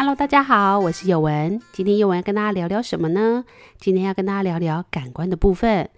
Hello，大家好，我是宥雯。今天宥雯要跟大家聊聊什麼呢？今天要跟大家聊聊感官的部分。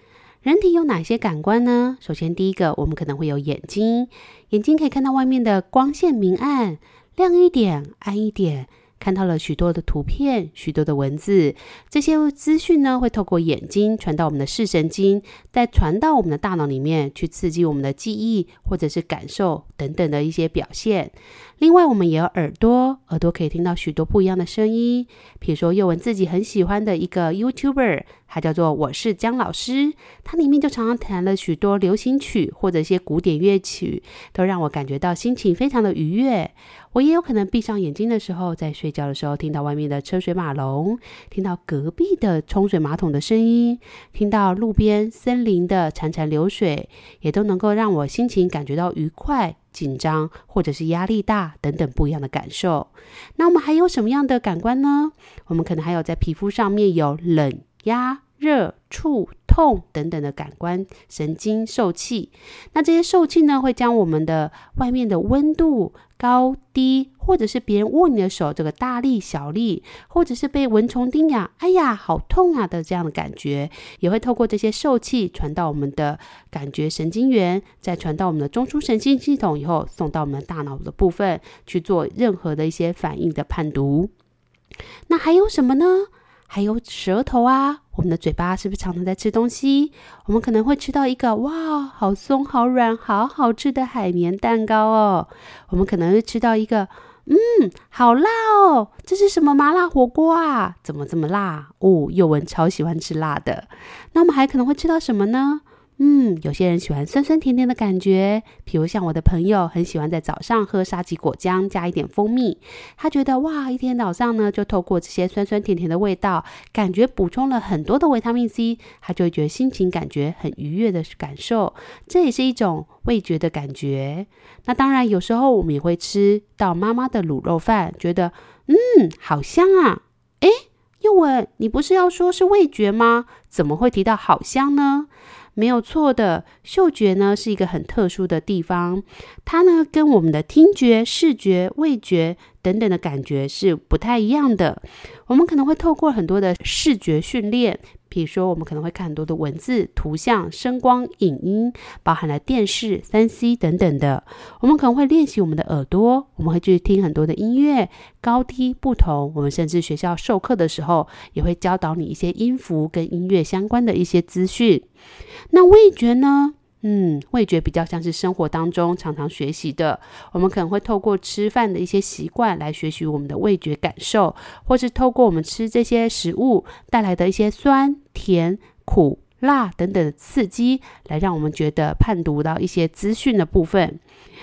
人體有哪些感官呢？首先，第一個，我們可能會有眼睛，眼睛可以看到外面的光線明暗，亮一點，暗一點，看到了許多的圖片，許多的文字。這些資訊呢，會透過眼睛傳到我們的視神經，再傳到我們的大腦裡面去刺激我們的記憶或者是感受。等等的一些表現。另外，我們也有耳朵，耳朵可以聽到許多不一樣的聲音。比如說，宥雯自己很喜歡的一個 YouTuber，他叫做我是姜老師，他裡面就常常彈了許多流行曲或者一些古典樂曲，都讓我感覺到心情非常的愉悅。我也有可能閉上眼睛的時候，在睡覺的時候，聽到外面的車水馬龍，聽到隔壁的沖水馬桶的聲音，聽到路邊森林的潺潺流水，也都能夠讓我心情感覺到愉快。緊張，或者是壓力大等等不一樣的感受。那我們還有什麼樣的感官呢？我們可能還有在皮膚上面有冷、壓、熱。觸痛等等的感官神經受器，那這些受器呢，會將我們的外面的溫度高低，或者是別人握你的手這個大力小力，或者是被蚊蟲叮咬，哎呀，好痛啊的這樣的感覺，也會透過這些受器傳到我們的感覺神經元，再傳到我們的中樞神經系統以後，送到我們大腦的部分去做任何的一些反應的判讀。那還有什麼呢？還有舌頭啊，我們的嘴巴是不是常常在吃東西？我們可能會吃到一個哇，好鬆好軟好好吃的海綿蛋糕哦。我們可能會吃到一個，嗯，好辣哦，這是什麼麻辣火鍋啊？怎麼這麼辣？哦，宥雯超喜歡吃辣的，那我們還可能會吃到什麼呢？嗯，有些人喜歡酸酸甜甜的感覺，比如像我的朋友，很喜歡在早上喝沙棘果漿加一點蜂蜜。他覺得哇，一天早上呢，就透過這些酸酸甜甜的味道，感覺補充了很多的維他命 C，他就會覺得心情感覺很愉悅的感受。這也是一種味覺的感覺。那當然，有時候我們也會吃到媽媽的滷肉飯，覺得嗯，好香啊！誒，宥雯，你不是要說是味覺嗎？怎麼會提到好香呢？沒有錯的，嗅覺呢是一個很特殊的地方，它呢跟我們的聽覺、視覺、味覺。等等的感覺是不太一樣的。我們可能會透過很多的視覺訓練，比如說我們可能會看很多的文字、圖像、聲光影音，包含了電視、三 C 等等的。我們可能會練習我們的耳朵，我們會去聽很多的音樂，高低不同。我們甚至學校授課的時候也會教導你一些音符跟音樂相關的一些資訊。那味覺呢？嗯，味覺比較像是生活當中常常學習的，我們可能會透過吃飯的一些習慣來學習我們的味覺感受，或是透過我們吃這些食物帶來的一些酸、甜、苦、辣等等的刺激，來讓我們覺得判讀到一些資訊的部分。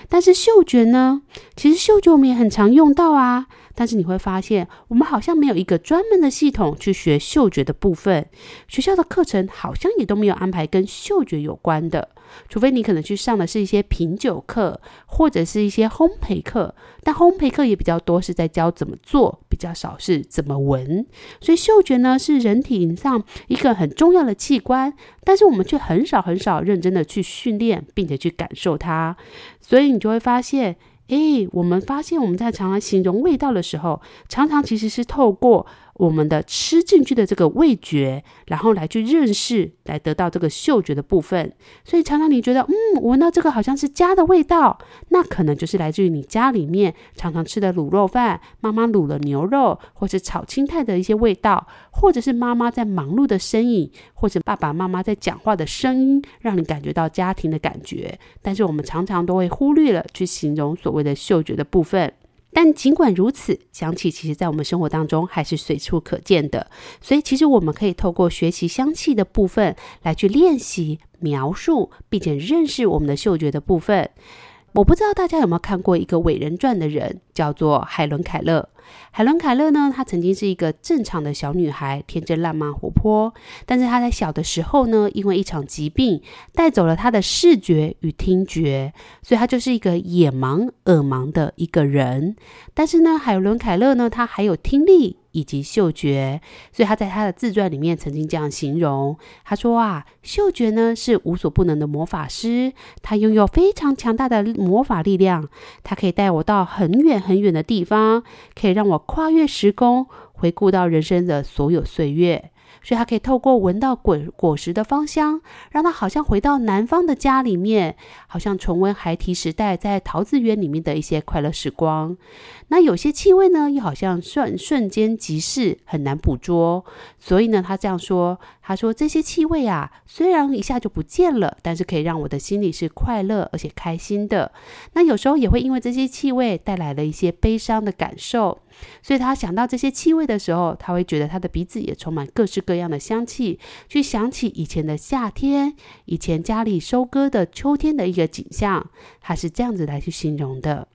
但是嗅覺呢？其實嗅覺我們也很常用到啊。但是你會發現，我們好像沒有一個專門的系統去學嗅覺的部分，學校的課程好像也都沒有安排跟嗅覺有關的，除非你可能去上的是一些品酒課或者是一些烘焙課，但烘焙課也比較多是在教怎麼做，比較少是怎麼聞。所以嗅覺呢是人體上一個很重要的器官，但是我們卻很少很少認真的去訓練，並且去感受它。所以你就會發現。哎，我們發現我們在常常形容味道的時候，常常其實是透過，我們的吃進去的這個味覺，然後來去認識，來得到這個嗅覺的部分。所以常常你覺得，嗯，聞到這個好像是家的味道，那可能就是來自於你家裡面常常吃的滷肉飯，媽媽滷了牛肉，或者是炒青菜的一些味道，或者是媽媽在忙碌的身影，或者爸爸媽媽在講話的聲音，讓你感覺到家庭的感覺。但是我們常常都會忽略了去形容所謂的嗅覺的部分。但儘管如此，香氣其實，在我們生活當中還是隨處可見的。所以，其實我們可以透過學習香氣的部分來去練習描述，並且認識我們的嗅覺的部分。我不知道大家有沒有看過一個偉人傳的人，叫做海倫凱勒。海倫凱勒呢，她曾經是一個正常的小女孩，天真爛漫、活潑。但是她在小的時候呢，因為一場疾病帶走了她的視覺與聽覺，所以她就是一個眼盲耳盲的一個人。但是呢，海倫凱勒呢，她還有聽力。以及嗅覺，所以他在他的自傳裡面曾經這樣形容，他說：“啊，嗅覺呢是無所不能的魔法師，他擁有非常強大的魔法力量，他可以帶我到很遠很遠的地方，可以讓我跨越時空，回顧到人生的所有歲月。所以，他可以透過聞到果果實的芳香，讓他好像回到南方的家裡面，好像重溫孩提時代在桃子園裡面的一些快樂時光。”那有些氣味呢，又好像瞬瞬間即逝，很難捕捉。所以呢，他這樣說，他說這些氣味啊，雖然一下就不見了，但是可以讓我的心裡是快樂而且開心的。那有時候也會因為這些氣味帶來了一些悲傷的感受。所以他想到這些氣味的時候，他會覺得他的鼻子也充滿各式各樣的香氣，去想起以前的夏天，以前家裡收割的秋天的一個景象。他是這樣子來去形容的。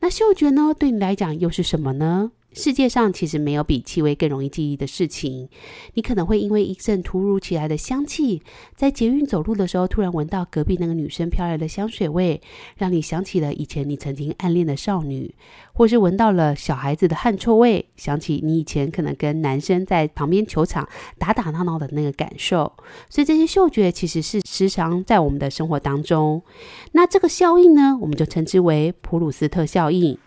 那嗅覺呢？對你來講又是什麼呢？.世界上其實沒有比氣味更容易記憶的事情。你可能會因為一陣突如其來的香氣，在捷運走路的時候突然聞到隔壁那個女生飄來的香水味，讓你想起了以前你曾經暗戀的少女；或是聞到了小孩子的汗臭味，想起你以前可能跟男生在旁邊球場打打鬧鬧的那個感受。所以這些嗅覺其實是時常在我們的生活當中。那這個效應呢，我們就稱之為普魯斯特效應。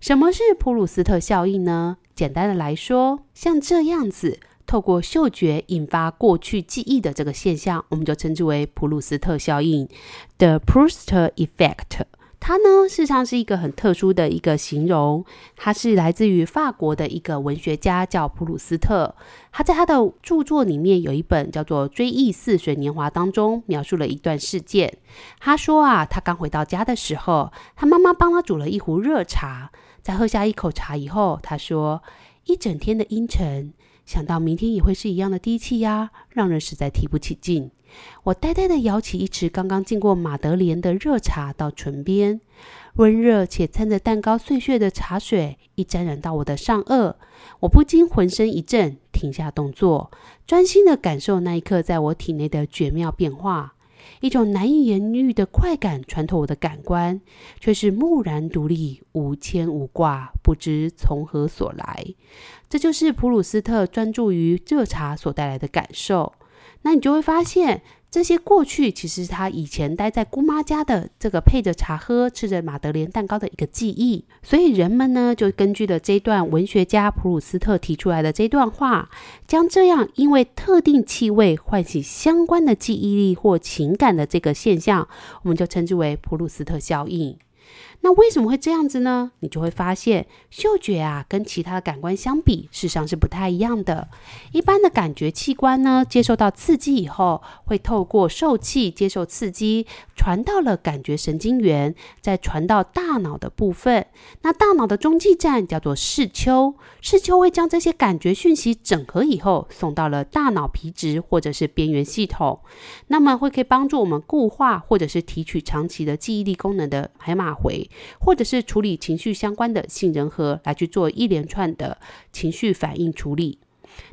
什麼是普魯斯特效應呢？簡單的來說，像這樣子透過嗅覺引發過去記憶的這個現象，我們就稱之為普魯斯特效應，the Proust effect。他呢，事實上是一個很特殊的一個形容。他是來自於法國的一個文學家，叫普魯斯特。他在他的著作裡面有一本叫做《追憶似水年華》當中，描述了一段事件。他說啊，他剛回到家的時候，他媽媽幫他煮了一壺熱茶。在喝下一口茶以後，他說一整天的陰沉，想到明天也會是一樣的低氣壓，讓人實在提不起勁。我呆呆地舀起一匙剛剛浸過馬德蓮的熱茶到唇邊，溫熱且摻着蛋糕碎屑的茶水一沾染到我的上顎，我不禁渾身一震，停下動作，專心地感受那一刻在我體內的絕妙變化。一種難以言喻的快感穿透我的感官，卻是木然獨立，無牽無掛，不知從何所來。這就是普魯斯特專注於熱茶所帶來的感受。那你就會發現，這些過去其實是他以前待在姑媽家的這個配着茶喝、吃着瑪德蓮蛋糕的一個記憶。所以人們呢，就根據了這段文學家普魯斯特提出來的這段話，將這樣因為特定氣味喚醒相關的記憶力或情感的這個現象，我們就稱之為普魯斯特效應。那為什麼會這樣子呢？你就會發現，嗅覺啊，跟其他的感官相比，事實上是不太一樣的。一般的感覺器官呢，接受到刺激以後，會透過受器，接受刺激，傳到了感覺神經元，再傳到大腦的部分。那大腦的中繼站叫做視丘，視丘會將這些感覺訊息整合以後，送到了大腦皮質或者是邊緣系統，那麼會可以幫助我們固化或者是提取長期的記憶力功能的海馬回。或者是處理情緒相關的杏仁核來去做一連串的情緒反應處理。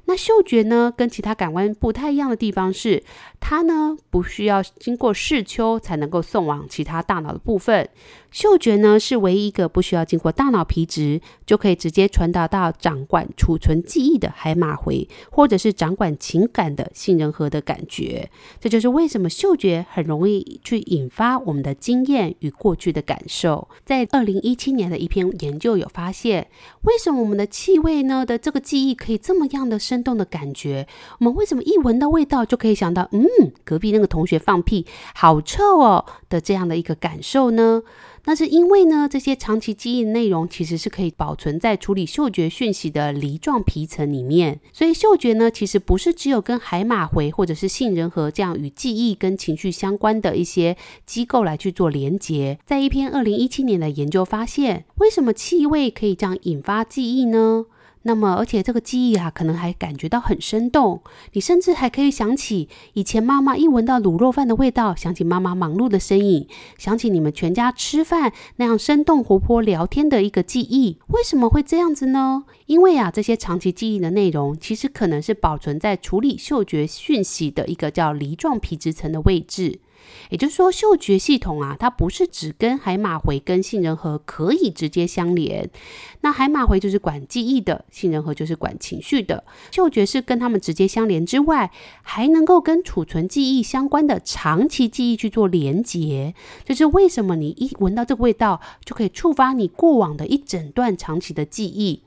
那嗅覺呢，跟其他感官不太一樣的地方是，它呢不需要經過視丘才能夠送往其他大腦的部分。嗅覺呢是唯一一個不需要經過大腦皮質就可以直接傳達到掌管儲存記憶的海馬回，或者是掌管情感的杏仁核的感覺。這就是為什麼嗅覺很容易去引發我們的經驗與過去的感受。在二零一七年的一篇研究有發現，為什麼我們的氣味呢的這個記憶可以這麼樣的深？震動的感覺，我們為什麼一聞到味道就可以想到，嗯，隔壁那個同學放屁好臭哦的這樣的一個感受呢？那是因為呢，這些長期記憶內容其實是可以保存在處理嗅覺訊息的梨狀皮層裡面，所以嗅覺呢，其實不是只有跟海馬回或者是杏仁核這樣與記憶跟情緒相關的一些機構來去做連接。在一篇二零一七年的研究發現，為什麼氣味可以這樣引發記憶呢？那麼，而且這個記憶啊，可能還感覺到很生動。你甚至還可以想起以前媽媽一聞到滷肉飯的味道，想起媽媽忙碌的身影，想起你們全家吃飯那樣生動活潑聊天的一個記憶。為什麼會這樣子呢？因為啊，這些長期記憶的內容，其實可能是保存在處理嗅覺訊息的一個叫梨狀皮質層的位置。也就是說，嗅覺系統啊，它不是只跟海馬回跟杏仁核可以直接相連。那海馬回就是管記憶的，杏仁核就是管情緒的。嗅覺是跟它們直接相連之外，還能夠跟儲存記憶相關的長期記憶去做連接。就是為什麼你一聞到這個味道，就可以觸發你過往的一整段長期的記憶。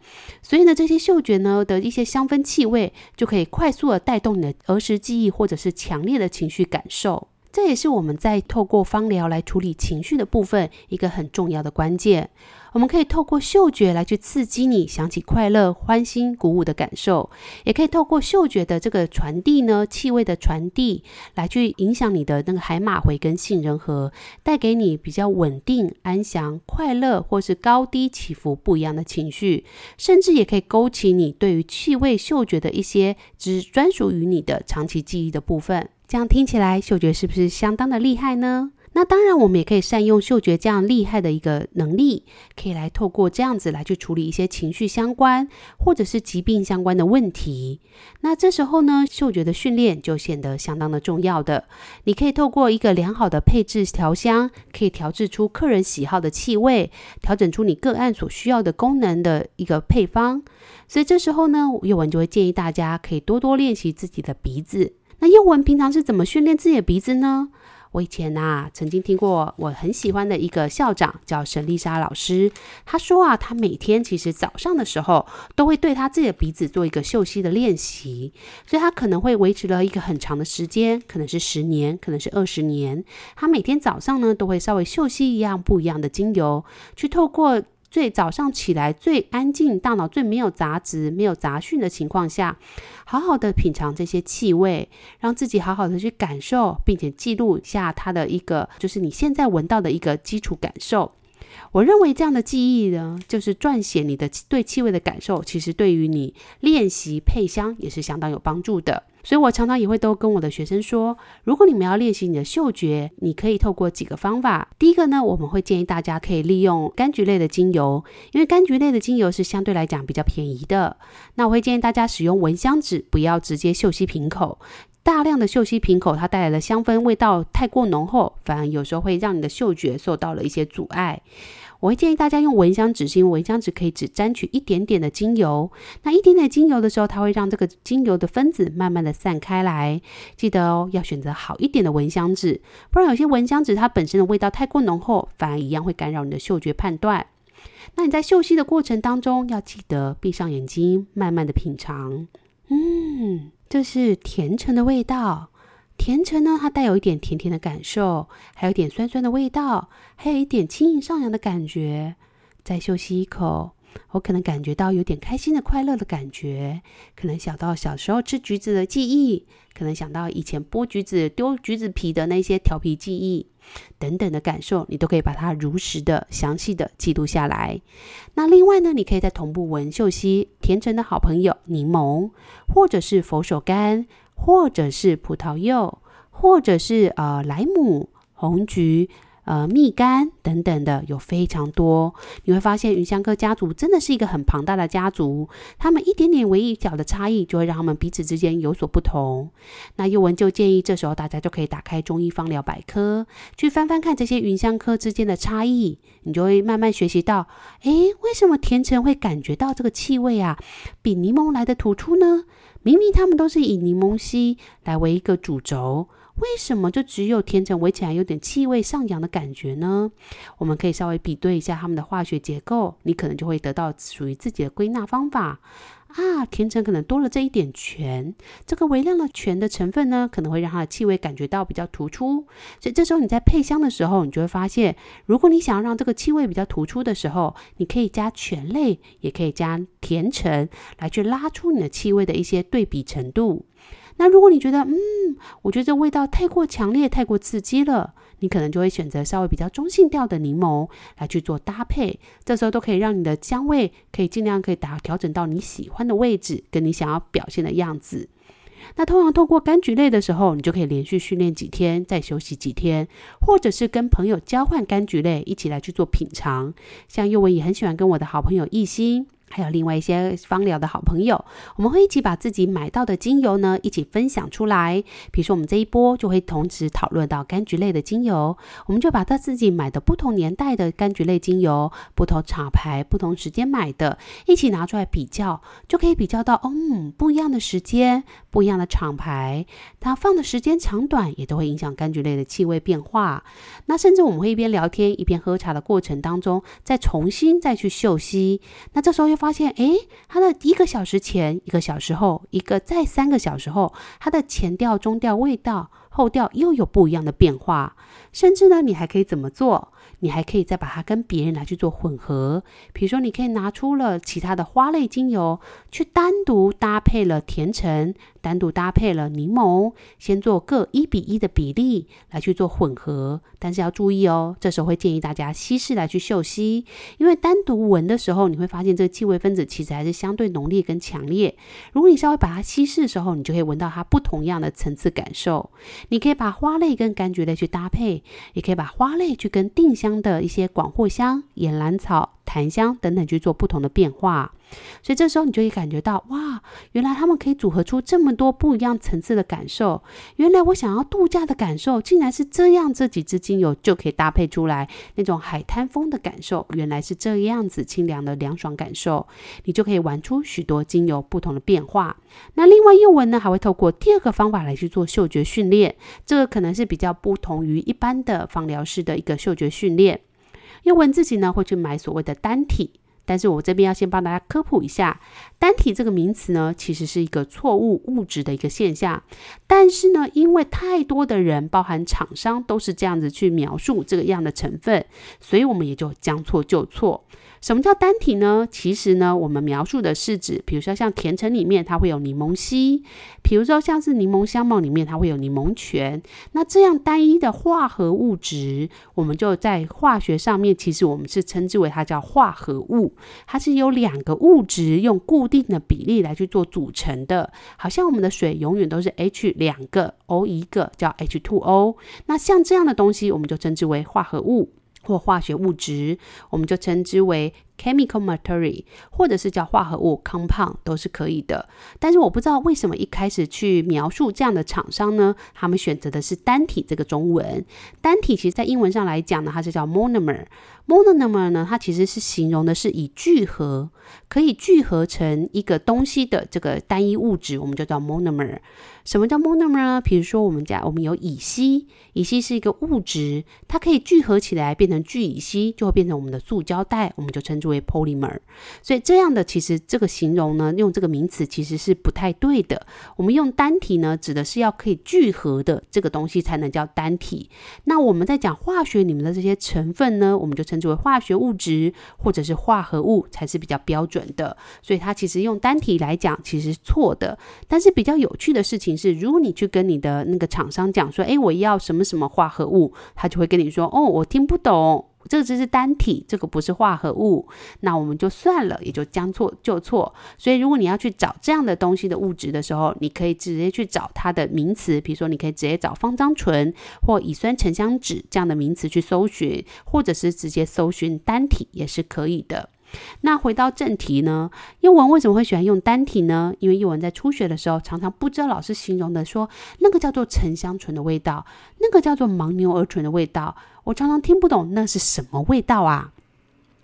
所以呢，這些嗅覺呢的一些香氛氣味，就可以快速的帶動你的兒時記憶，或者是強烈的情緒感受。這也是我們在透過芳療來處理情緒的部分，一個很重要的關鍵。我們可以透過嗅覺來去刺激你想起快樂、歡欣鼓舞的感受，也可以透過嗅覺的這個傳遞呢，氣味的傳遞來去影響你的那個海馬回跟杏仁核，帶給你比較穩定、安詳、快樂，或是高低起伏不一樣的情緒，甚至也可以勾起你對於氣味、嗅覺的一些只專屬於你的長期記憶的部分。這樣聽起來，嗅覺是不是相當的厲害呢？那當然，我們也可以善用嗅覺這樣厲害的一個能力，可以來透過這樣子來去處理一些情緒相關或者是疾病相關的問題。那這時候呢，嗅覺的訓練就顯得相當的重要的。你可以透過一個良好的配置調香，可以調製出客人喜好的氣味，調整出你個案所需要的功能的一個配方。所以這時候呢，宥雯就會建議大家可以多多練習自己的鼻子。那宥雯平常是怎麼訓練自己的鼻子呢？我以前吶、啊、曾經聽過我很喜歡的一個校長叫沈麗莎老師，他說啊，他每天其實早上的時候都會對他自己的鼻子做一個嗅吸的練習，所以他可能會維持了一個很長的時間，可能是十年，可能是二十年。他每天早上呢都會稍微嗅吸一樣不一樣的精油，去透過。最早上起來最安靜，大腦最沒有雜質，沒有雜訊的情況下，好好的品嘗這些氣味，讓自己好好的去感受，並且記錄一下他的一個，就是你現在聞到的一個基礎感受。我認為這樣的記憶呢，就是撰寫你的對氣味的感受，其實對於你練習配香也是相當有幫助的。所以我常常也會都跟我的學生說，如果你們要練習你的嗅覺，你可以透過幾個方法。第一個呢，我們會建議大家可以利用柑橘類的精油，因為柑橘類的精油是相對來講比較便宜的。那我會建議大家使用聞香紙，不要直接嗅吸瓶口。大量的嗅吸瓶口，它帶來的香氛味道太過濃厚，反而有時候會讓你的嗅覺受到了一些阻礙。我會建議大家用聞香紙，因為聞香紙可以只沾取一點點的精油。那一點點精油的時候，它會讓這個精油的分子慢慢的散開來。記得哦，要選擇好一點的聞香紙，不然有些聞香紙它本身的味道太過濃厚，反而一樣會干擾你的嗅覺判斷。那你在嗅吸的過程當中，要記得閉上眼睛，慢慢的品嚐。嗯。這是甜橙的味道，甜橙呢，它帶有一點甜甜的感受，還有點酸酸的味道，還有一點輕盈上揚的感覺。再休息一口。我可能感覺到有點開心的快樂的感覺，可能想到小時候吃橘子的記憶，可能想到以前剝橘子丟橘子皮的那些調皮記憶，等等的感受，你都可以把它如實的、詳細的記錄下來。那另外呢，你可以在同步聞柚子、甜橙的好朋友檸檬，或者是佛手柑，或者是葡萄柚，或者是呃萊姆、紅橘。呃，蜜柑等等的有非常多，你會發現芸香科家族真的是一個很龐大的家族，他們一點點微小的差異就會讓他們彼此之間有所不同。那宥雯就建議這時候大家就可以打開中醫芳療百科，去翻翻看這些芸香科之間的差異，你就會慢慢學習到，誒，為什麼甜橙會感覺到這個氣味啊，比檸檬來的突出呢？明明他們都是以檸檬烯來為一個主軸。為什麼就只有甜橙聞起來有點氣味上揚的感覺呢？我們可以稍微比對一下它們的化學結構，你可能就會得到屬於自己的歸納方法。啊，甜橙可能多了這一點醛，這個微量的醛的成分呢，可能會讓它的氣味感覺到比較突出。所以這時候你在配香的時候，你就會發現，如果你想要讓這個氣味比較突出的時候，你可以加醛類，也可以加甜橙來去拉出你的氣味的一些對比程度。那如果你覺得，嗯，我覺得這味道太過強烈，太過刺激了，你可能就會選擇稍微比較中性調的檸檬來去做搭配。這時候都可以讓你的香味可以儘量可以達調整到你喜歡的位置，跟你想要表現的樣子。那通常透過柑橘類的時候，你就可以連續訓練幾天，再休息幾天，或者是跟朋友交換柑橘類一起來去做品嘗。像宥雯也很喜歡跟我的好朋友一心。還有另外一些芳療的好朋友，我們會一起把自己買到的精油呢，一起分享出來。比如說，我們這一波就會同時討論到柑橘類的精油，我們就把他自己買的不同年代的柑橘類精油、不同廠牌、不同時間買的，一起拿出來比較，就可以比較到，哦，嗯，不一樣的時間、不一樣的廠牌，它放的時間長短也都會影響柑橘類的氣味變化。那甚至我們會一邊聊天一邊喝茶的過程當中，再重新再去嗅吸。那這時候又。發現，哎，它的一個小時前、一個小時後、一個再三個小時後，它的前調、中調、味道、後調又有不一樣的變化。甚至呢，你還可以怎麼做？你還可以再把它跟別人來去做混合。比如說，你可以拿出了其他的花類精油，去單獨搭配了甜橙。單獨搭配了檸檬，先做各一比一的比例來去做混合，但是要注意哦，這時候會建議大家稀釋來去嗅吸，因為單獨聞的時候，你會發現這個氣味分子其實還是相對濃烈跟強烈。如果你稍微把它稀釋的時候，你就可以聞到它不同樣的層次感受。你可以把花類跟柑橘類去搭配，也可以把花類去跟定香的一些廣藿香、岩蘭草，檀香等等去做不同的變化，所以這時候你就會感覺到哇，原來他們可以組合出這麼多不一樣層次的感受。原來我想要度假的感受，竟然是這樣，這幾支精油就可以搭配出來那種海灘風的感受。原來是這樣子，清涼的涼爽感受，你就可以玩出許多精油不同的變化。那另外宥雯呢，還會透過第二個方法來去做嗅覺訓練，這個可能是比較不同於一般的芳療師的一個嗅覺訓練。又聞自己呢，會去買所謂的單體，但是我這邊要先幫大家科普一下，單體這個名詞呢，其實是一個錯誤物質的一個現象，但是呢，因為太多的人，包含廠商，都是這樣子去描述這個樣的成分，所以我們也就將錯就錯。什麼叫單體呢？其實呢，我們描述的是指，比如說像甜橙裡面它會有檸檬烯，比如說像是檸檬香茅裡面它會有檸檬醛。那這樣單一的化合物質，我們就在化學上面，其實我們是稱之為它叫化合物，它是由兩個物質用固定的比例來去做組成的，好像我們的水永遠都是 H 兩個 O 一個叫 H2O。那像這樣的東西，我們就稱之為化合物。或化學物質，我們就稱之為。chemical material，或者是叫化合物 compound 都是可以的。但是我不知道為什麼一開始去描述這樣的廠商呢？他們選擇的是單體這個中文。單體其實，在英文上來講呢，它是叫 monomer。monomer 呢，它其實是形容的是以聚合可以聚合成一個東西的這個單一物質，我們就叫 monomer。什麼叫 monomer 呢？比如說我們講，我們有乙烯，乙烯是一個物質，它可以聚合起來變成聚乙烯，就會變成我們的塑膠袋，我們就稱作。為 polymer，所以這樣的其實，這個形容呢，用這個名詞其實是不太對的。我們用單體呢，指的是要可以聚合的這個東西才能叫單體。那我們在講化學裡面的這些成分呢，我們就稱之為化學物質或者是化合物才是比較標準的。所以它其實用單體來講其實是錯的。但是比較有趣的事情是，如果你去跟你的那個廠商講說，誒，我要什麼什麼化合物，他就會跟你說，哦，我聽不懂。這個只是單體，這個不是化合物，那我們就算了，也就將錯就錯。所以如果你要去找這樣的東西的物質的時候，你可以直接去找它的名詞，比如說你可以直接找芳樟醇或乙酸沉香酯這樣的名詞去搜尋，或者是直接搜尋單體也是可以的。那回到正題呢？英文為什麼會喜歡用單體呢？因為英文在初學的時候，常常不知道老師形容的說那個叫做沉香醇的味道，那個叫做牻牛兒醇的味道。我常常聽不懂那是什麼味道啊！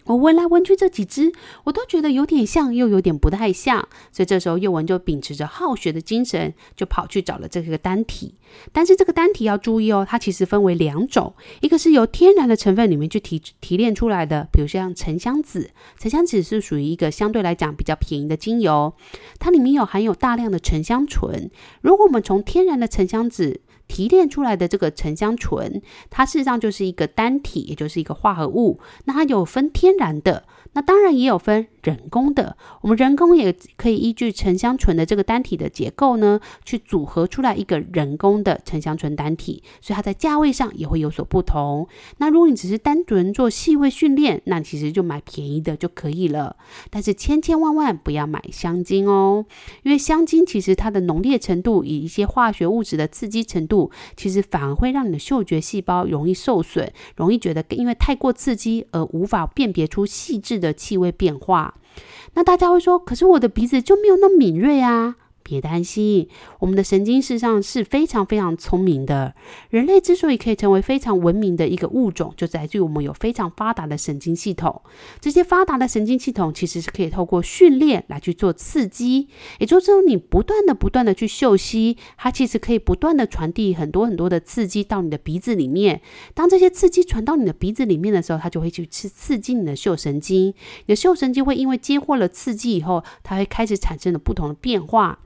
我聞來聞去這幾支，我都覺得有點像，又有點不太像。所以這時候宥雯就秉持着好學的精神，就跑去找了這個單體。但是這個單體要注意哦，它其實分為兩種，一個是由天然的成分裡面去提提煉出來的，比如像沉香子，沉香子是屬於一個相對來講比較便宜的精油，它裡面有含有大量的沉香醇。如果我們從天然的沉香子提煉出來的這個沉香醇，它事實上就是一個單體，也就是一個化合物，那它有分天然的。那當然也有分人工的，我們人工也可以依據沉香醇的這個單體的結構呢，去組合出來一個人工的沉香醇單體，所以它在價位上也會有所不同。那如果你只是單純做細微訓練，那你其實就買便宜的就可以了。但是千千萬萬不要買香精哦，因為香精其實它的濃烈程度與一些化學物質的刺激程度，其實反而會讓你的嗅覺細胞容易受損，容易覺得因為太過刺激而無法辨別出細緻的的氣味變化，那大家會說，可是我的鼻子就沒有那麼敏銳啊。別擔心，我們的神經世上是非常非常聰明的。人類之所以可以成為非常文明的一個物種，就在於我們有非常發達的神經系統。這些發達的神經系統其實是可以透過訓練來去做刺激，也就是說，你不斷的不斷的去嗅吸，它其實可以不斷的傳遞很多很多的刺激到你的鼻子裡面。當這些刺激傳到你的鼻子裡面的時候，它就會去刺刺激你的嗅神經，你的嗅神經會因為接獲了刺激以後，它會開始產生了不同的變化。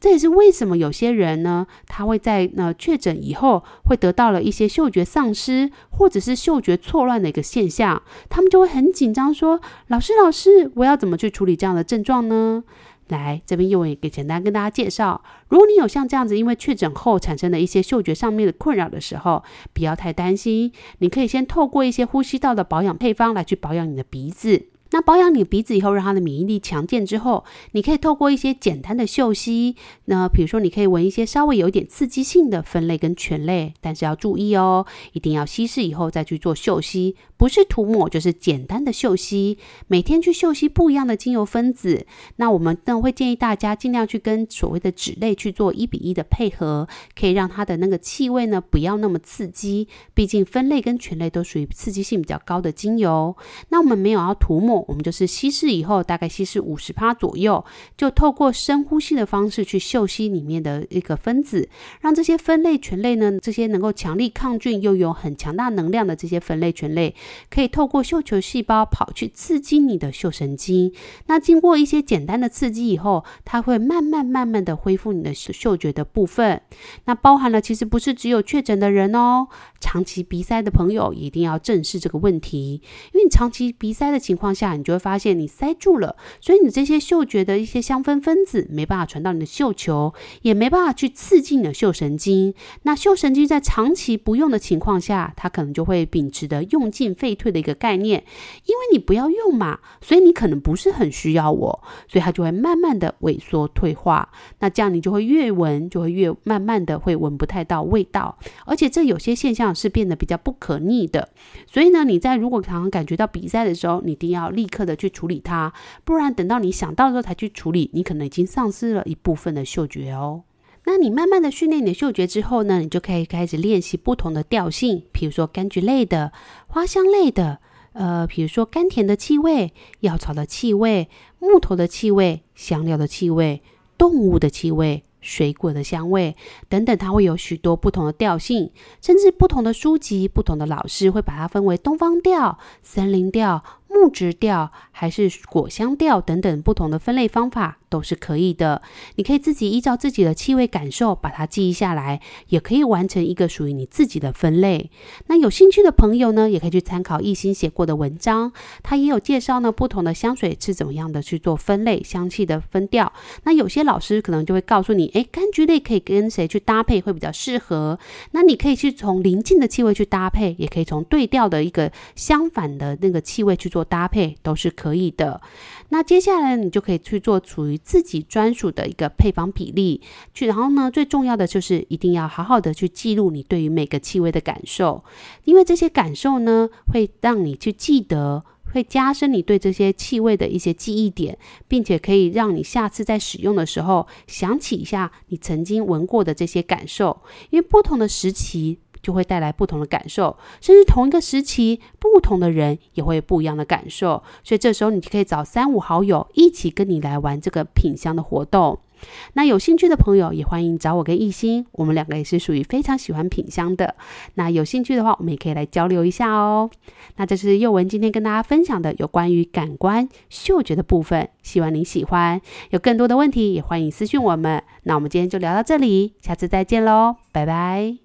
這也是為什麼有些人呢，他會在呃確診以後，會得到了一些嗅覺喪失或者是嗅覺錯亂的一個現象，他們就會很緊張說，說老師老師，我要怎麼去處理這樣的症狀呢？來，這邊宥雯簡單跟大家介紹，如果你有像這樣子，因為確診後產生的一些嗅覺上面的困擾的時候，不要太擔心，你可以先透過一些呼吸道的保養配方來去保養你的鼻子。那保養你鼻子以後，讓它的免疫力強健之後，你可以透過一些簡單的嗅吸。那比如說，你可以聞一些稍微有一點刺激性的酚類跟醛類，但是要注意哦，一定要稀釋以後再去做嗅吸。不是塗抹，就是簡單的嗅吸。每天去嗅吸不一樣的精油分子。那我們更會建議大家盡量去跟所謂的脂類去做一比一的配合，可以讓它的那個氣味呢，不要那麼刺激。畢竟酚類跟醛類都屬於刺激性比較高的精油。那我們沒有要塗抹，我們就是稀釋以後，大概稀釋五十趴左右，就透過深呼吸的方式去嗅吸裡面的一個分子，讓這些酚類醛類呢，這些能夠強力抗菌又有很強大能量的這些酚類醛類。可以透過嗅球細胞跑去刺激你的嗅神經。那經過一些簡單的刺激以後，它會慢慢慢慢的恢復你的嗅覺的部分。那包含了其實不是只有確診的人哦，長期鼻塞的朋友一定要正視這個問題，因為你長期鼻塞的情況下，你就會發現你塞住了，所以你這些嗅覺的一些香氛分子沒辦法傳到你的嗅球，也沒辦法去刺激你的嗅神經。那嗅神經在長期不用的情況下，它可能就會秉持的用盡。廢退，退的一個概念，因為你不要用嘛，所以你可能不是很需要我，所以它就會慢慢的萎縮退化。那這樣你就會越聞就會越慢慢的會聞不太到味道，而且這有些現象是變得比較不可逆的。所以呢，你在如果常常感覺到鼻塞的時候，你一定要立刻的去處理它，不然等到你想到的時候才去處理，你可能已經喪失了一部分的嗅覺哦。那你慢慢的訓練你的嗅覺之後呢，你就可以開始練習不同的調性，比如說柑橘類的、花香類的，呃，比如說甘甜的氣味、藥草的氣味、木頭的氣味、香料的氣味、動物的氣味、水果的香味等等，它會有許多不同的調性，甚至不同的書籍、不同的老師會把它分為東方調、森林調。木質調還是果香調等等不同的分類方法都是可以的。你可以自己依照自己的氣味感受把它記憶下來，也可以完成一個屬於你自己的分類。那有興趣的朋友呢，也可以去參考一心寫過的文章，他也有介紹呢不同的香水是怎麼樣的去做分類香氣的分調。那有些老師可能就會告訴你，哎，柑橘類可以跟誰去搭配會比較適合？那你可以去從鄰近的氣味去搭配，也可以從對調的一個相反的那個氣味去做。搭配都是可以的。那接下來你就可以去做屬於自己專屬的一個配方比例去，然後呢，最重要的就是一定要好好的去記錄你對於每個氣味的感受，因為這些感受呢，會讓你去記得，會加深你對這些氣味的一些記憶點，並且可以讓你下次在使用的時候想起一下你曾經聞過的這些感受，因為不同的時期。就會帶來不同的感受，甚至同一個時期，不同的人也會有不一樣的感受。所以這時候，你就可以找三五好友一起跟你來玩這個品香的活動。那有興趣的朋友，也歡迎找我跟一心，我們兩個也是屬於非常喜歡品香的。那有興趣的話，我們也可以來交流一下哦。那這是宥雯今天跟大家分享的有關於感官、嗅覺的部分，希望你喜歡。有更多的問題，也歡迎私訊我們。那我們今天就聊到這裡，下次再見嘍，拜拜。